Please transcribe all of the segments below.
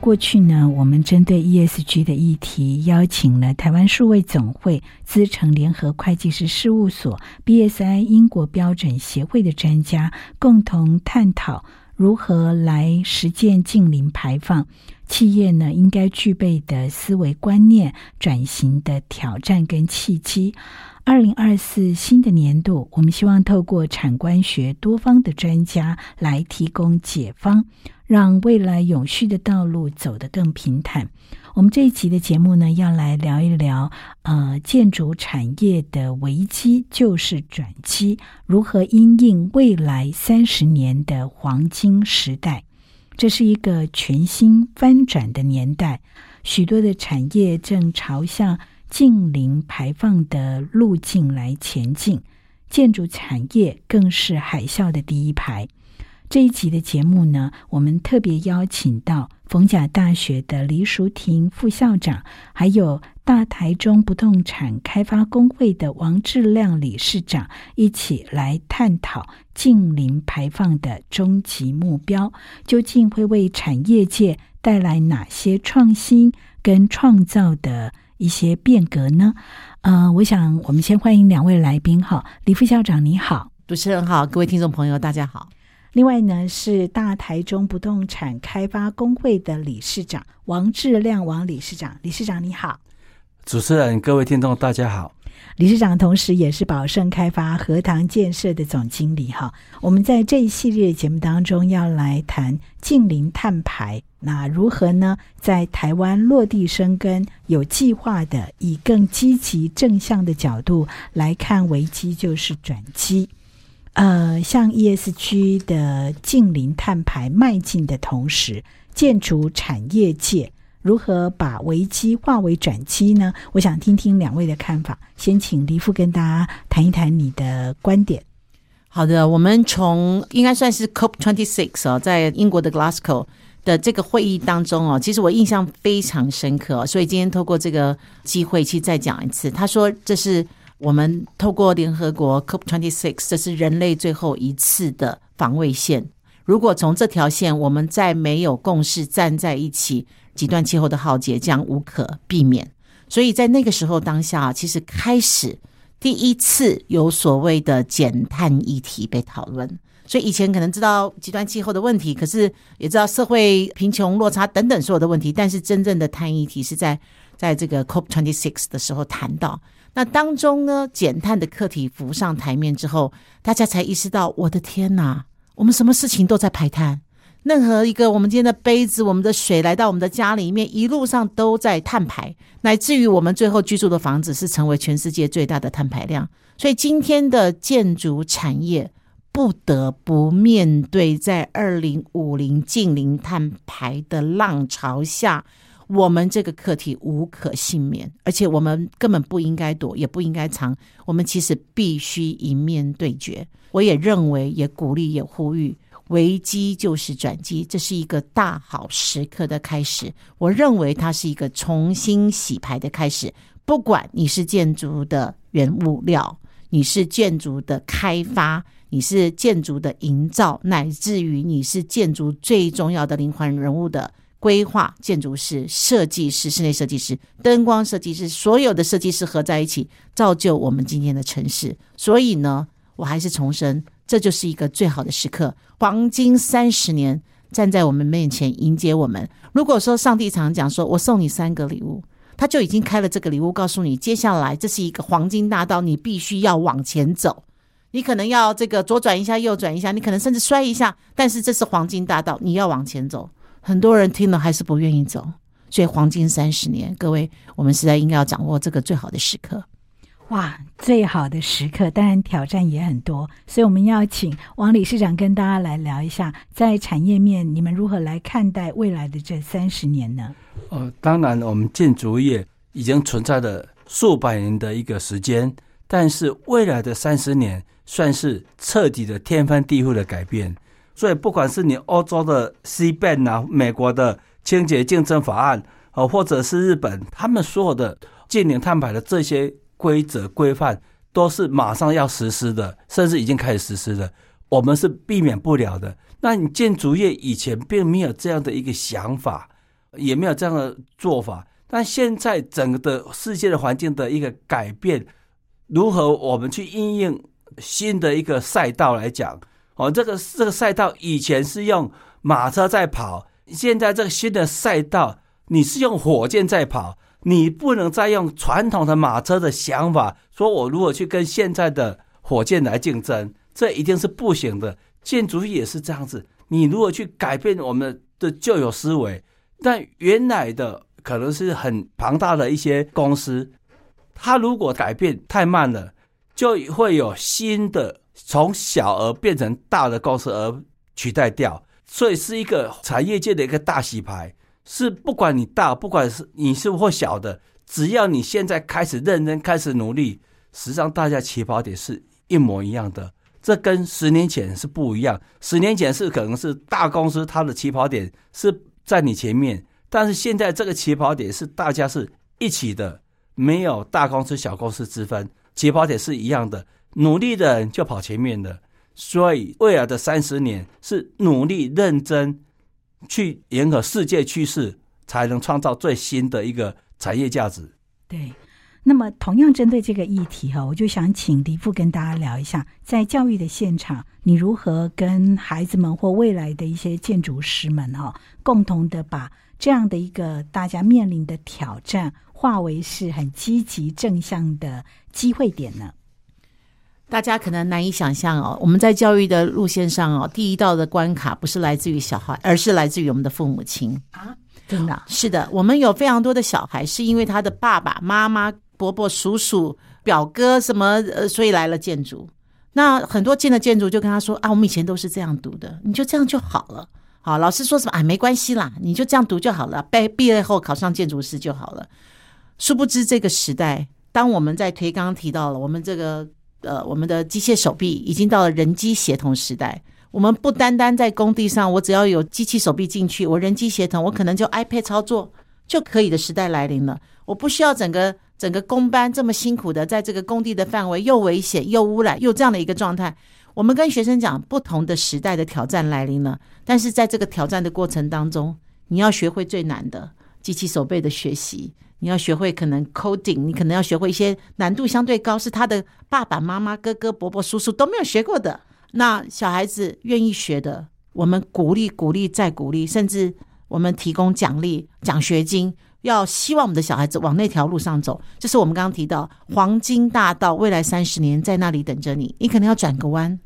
過去呢，我們針對 ESG 的議題，邀請了台灣數位總會、資誠聯合會計師事務所、BSI 英國標準協會的專家，共同探討如何來實踐淨零排放，企業呢，應該具備的思維觀念、轉型的挑戰跟契機。二零二四新的年度，我們希望透過產官學多方的專家來提供解方，讓未來永續的道路走得更平坦。我們這一集的節目呢，要來聊一聊，呃，建築產業的危機就是轉機，如何因應未來三十年的黃金時代。這是一個全新翻轉的年代，許多的產業正朝向淨零排放的路徑來前進，建築產業更是海嘯的第一排。這一集的節目呢，我們特別邀請到逢甲大學的黎淑婷副校長，還有大台中不動產開發公會的王至亮理事長，一起來探討淨零排放的終極目標，究竟會為產業界帶來哪些創新跟創造的？一些變革呢？呃，我想我們先歡迎兩位來賓哈。黎副校長你好，主持人好，各位聽眾朋友大家好。另外呢是大台中不動產開發公會的理事長王至亮王理事長，理事長你好，主持人各位聽眾大家好。理事長同時也是寶盛開發荷塘建設的總經理哈。我們在這一系列節目當中要來談淨零碳排，那如何呢？在台灣落地生根，有計劃的以更積極正向的角度來看危機就是轉機。呃，向 ESG 的淨零碳排邁進的同時，建築產業界，如何把危機化為轉機呢？我想聽聽兩位的看法。先請黎副跟大家談一談你的觀點。好的，我們從應該算是 COP Twenty Six 哦，在英國的 Glasgow 的這個會議當中哦，其實我印象非常深刻哦，所以今天透過這個機會去再講一次。他說，這是我們透過聯合國 COP Twenty Six，這是人類最後一次的防衛線。如果從這條線，我們再沒有共識站在一起，極端氣候的浩劫將無可避免。所以在那個時候當下，其實開始第一次有所謂的減碳議題被討論。所以以前可能知道極端氣候的問題，可是也知道社會貧窮落差等等所有的問題，但是真正的碳議題是在在這個 COP26 的時候談到。那當中呢，減碳的課題浮上台面之後，大家才意識到，我的天哪！我們什麼事情都在排碳，任何一個我們今天的杯子、我們的水來到我們的家裡面，一路上都在碳排，乃至於我們最後居住的房子是成為全世界最大的碳排量。所以今天的建築產業不得不面對在二零五零淨零碳排的浪潮下。我們這個課題無可倖免，而且我們根本不應該躲，也不應該藏。我們其實必須迎面對決。我也認為，也鼓勵，也呼籲，危機就是轉機，這是一個大好時刻的開始。我認為它是一個重新洗牌的開始。不管你是建築的原物料，你是建築的開發，你是建築的營造，乃至於你是建築最重要的靈魂人物的。規劃建築師、設計師、室內設計師、燈光設計師，所有的設計師合在一起，造就我們今天的城市。所以呢，我還是重申，這就是一個最好的時刻，黃金三十年站在我們面前迎接我們。如果說上帝常講說“我送你三個禮物”，他就已經開了這個禮物告訴你，接下來這是一個黃金大道，你必須要往前走。你可能要這個左轉一下，右轉一下，你可能甚至摔一下，但是這是黃金大道，你要往前走。很多人聽了還是不願意走，所以黃金三十年，各位，我們實在應該要掌握這個最好的時刻。哇，最好的時刻，當然挑戰也很多，所以我們要請王理事長跟大家來聊一下，在產業面你們如何來看待未來的這三十年呢？呃，當然，我們建築業已經存在了數百年的一個時間，但是未來的三十年算是徹底的天翻地覆的改變。所以，不管是你歐洲的 CBAM 啊，美國的清潔競爭法案，哦、呃，或者是日本，他們所有的淨零碳排的這些規則規範，都是馬上要實施的，甚至已經開始實施的。我們是避免不了的。那你建築業以前並沒有這樣的一個想法，也沒有這樣的做法，但現在整個的世界的環境的一個改變，如何我們去應用新的一個賽道來講？哦，這個這個賽道以前是用馬車在跑，現在這個新的賽道你是用火箭在跑，你不能再用傳統的馬車的想法，說我如果去跟現在的火箭來競爭，這一定是不行的。建築業也是這樣子，你如果去改變我們的舊有思維，但原來的可能是很龐大的一些公司，它如果改變太慢了，就會有新的。從小而變成大的公司而取代掉，所以是一個產業界的一個大洗牌。是不管你大，不管是你是或小的，只要你現在開始認真開始努力，實際上大家起跑點是一模一樣的。這跟十年前是不一樣。十年前是可能是大公司它的起跑點是在你前面，但是現在這個起跑點是大家是一起的，沒有大公司小公司之分，起跑點是一樣的。努力的人就跑前面了，所以未來的三十年是努力認真去迎合世界趨勢，才能創造最新的一個產業價值。對，那麼同樣針對這個議題哈、哦，我就想請黎副跟大家聊一下，在教育的現場，你如何跟孩子們或未來的一些建築師們哈、哦，共同的把這樣的一個大家面臨的挑戰化為是很積極正向的機會點呢？大家可能難以想象哦，我們在教育的路線上哦，第一道的關卡不是來自於小孩，而是來自於我們的父母親啊！真的，是的，我們有非常多的小孩是因為他的爸爸媽媽、伯伯、叔叔、表哥什麼呃，所以來了建築。那很多進了建築就跟他說啊，我們以前都是這樣讀的，你就這樣就好了。好，老師說什麼啊？沒關係啦，你就這樣讀就好了，被畢業後考上建築師就好了。殊不知這個時代，當我們在推剛剛提到了我們這個。呃，我們的機械手臂已經到了人機協同時代。我們不單單在工地上，我只要有機器手臂進去，我人機協同，我可能就 iPad 操作就可以的時代來臨了。我不需要整個整個工班這麼辛苦的在這個工地的範圍，又危險又汙染又這樣的一個狀態。我們跟學生講，不同的時代的挑戰來臨了，但是在這個挑戰的過程當中，你要學會最難的機器手臂的學習。你要學會可能 coding，你可能要學會一些難度相對高，是他的爸爸媽媽、哥哥、伯伯、叔叔都沒有學過的。那小孩子願意學的，我們鼓勵、鼓勵再鼓勵，甚至我們提供獎勵、獎學金，要希望我們的小孩子往那條路上走。就是我們剛剛提到黃金大道，未來三十年在那裡等着你。你可能要轉個彎，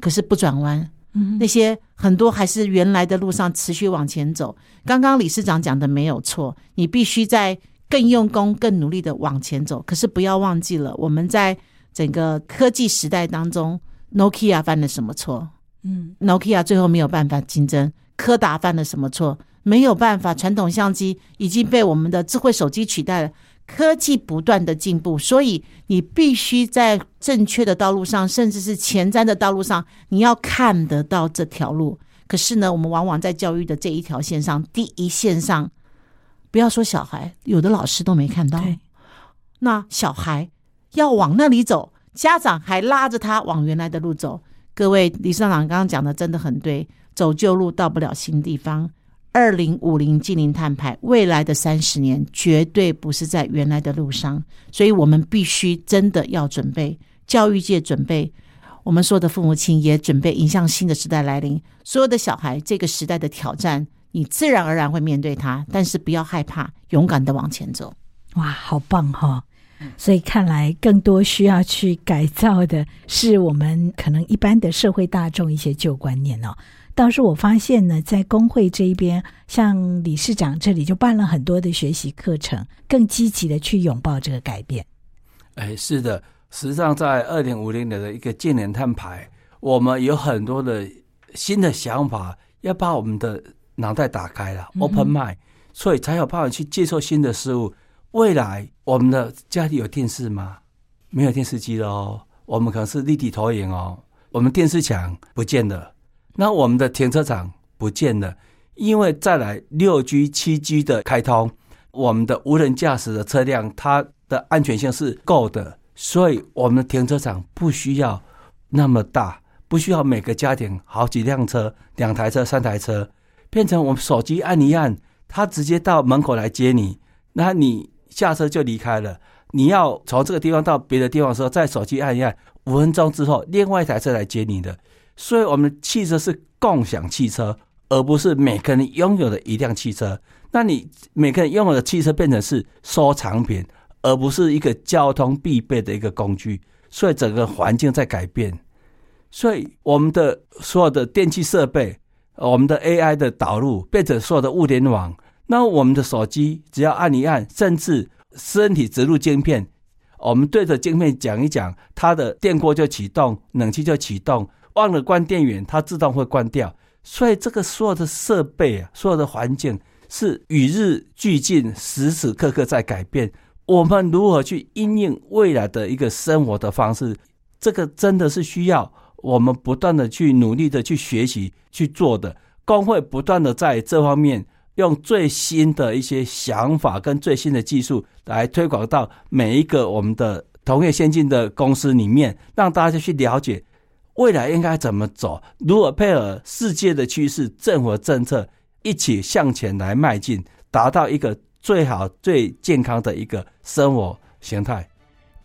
可是不轉彎。嗯哼。那些很多還是原來的路上持續往前走。剛剛理事長講的沒有錯，你必須在。更用功、更努力地往前走，可是不要忘記了，我們在整個科技時代當中，Nokia 犯了什麼錯？嗯，Nokia 最後沒有辦法競爭。柯達犯了什麼錯？沒有辦法，傳統相機已經被我們的智慧手機取代了。科技不斷的進步，所以你必須在正確的道路上，甚至是前瞻的道路上，你要看得到這條路。可是呢，我們往往在教育的這一條線上，第一線上。不要說小孩，有的老師都沒看到。對那小孩要往那裡走，家長還拉着他往原來的路走。各位，黎校長剛剛講的真的很對，走舊路到不了新地方。二零五零淨零碳排，未來的三十年絕對不是在原來的路上，所以我們必須真的要準備。教育界準備，我們所有的父母親也準備，迎向新的時代來臨。所有的小孩，這個時代的挑戰。你自然而然會面對它，但是不要害怕，勇敢的往前走。哇，好棒哈、哦！所以看來更多需要去改造的是我們可能一般的社會大眾一些舊觀念哦。倒是我發現呢，在工會這一邊，像理事長這裡就辦了很多的學習課程，更積極的去擁抱這個改變。哎，是的，實際上在2050年的一個淨零碳排，我們有很多的新的想法，要把我們的。腦袋打開了，open mind，嗯嗯，所以才有辦法去接受新的事物。未來我們的家裡有電視嗎？沒有電視機了哦，我們可能是立體投影哦，我們電視牆不見了。那我們的停車場不見了，因為再來六 G、七 G 的開通，我們的無人駕駛的車輛，它的安全性是夠的，所以我們的停車場不需要那麼大，不需要每個家庭好幾輛車、兩台車、三台車。變成我們手機按一按，它直接到門口來接你，那你下車就離開了。你要從這個地方到別的地方的時候，再手機按一按，五分鐘之後，另外一台車來接你的。所以，我們的汽車是共享汽車，而不是每個人擁有的一輛汽車。那你每個人擁有的汽車變成是收藏品，而不是一個交通必備的一個工具。所以，整個環境在改變。所以，我們的所有的電器設備。我們的 AI 的導入，變成所有的物聯網，那我們的手機只要按一按，甚至身體植入晶片，我們對着晶片講一講，它的電鍋就啟動，冷氣就啟動，忘了關電源，它自動會關掉。所以，這個所有的設備啊，所有的環境是與日俱進，時時刻刻在改變。我們如何去因應未來的一個生活的方式？這個真的是需要。我們不斷的去努力的去學習去做的，公會，不斷的在這方面用最新的一些想法跟最新的技術來推廣到每一個我們的同業先進的公司裡面，讓大家去了解未來應該怎麼走，如何配合世界的趨勢、政府的政策一起向前來邁進，達到一個最好、最健康的一個生活形態。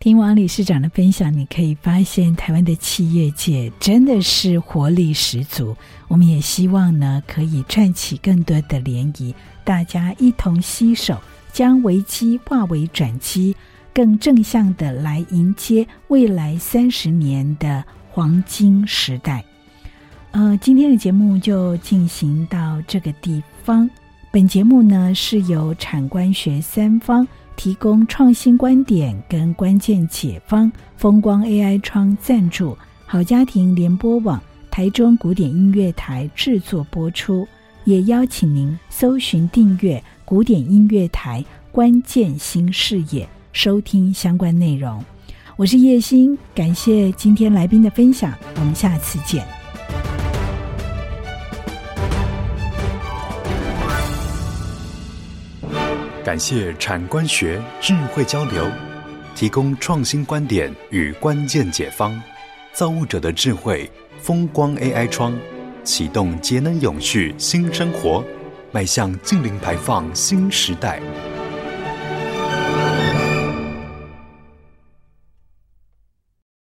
聽王理事長的分享，你可以發現台灣的企業界真的是活力十足。我們也希望呢，可以串起更多的漣漪，大家一同攜手，將危機化為轉機，更正向的來迎接未來三十年的黃金時代。呃，今天的節目就進行到這個地方。本節目呢，是由產官學三方。提供創新觀點跟關鍵解方，風光 AI 窗贊助，好家庭聯播網台中古典音樂台製作播出，也邀請您搜尋訂閱古典音樂台關鍵新視野，收聽相關內容。我是葉欣，感謝今天來賓的分享，我們下次見。感謝產官學智慧交流，提供創新觀點與關鍵解方。造物者的智慧，風光 AI 窗，啟動節能永續新生活，邁向淨零排放新時代。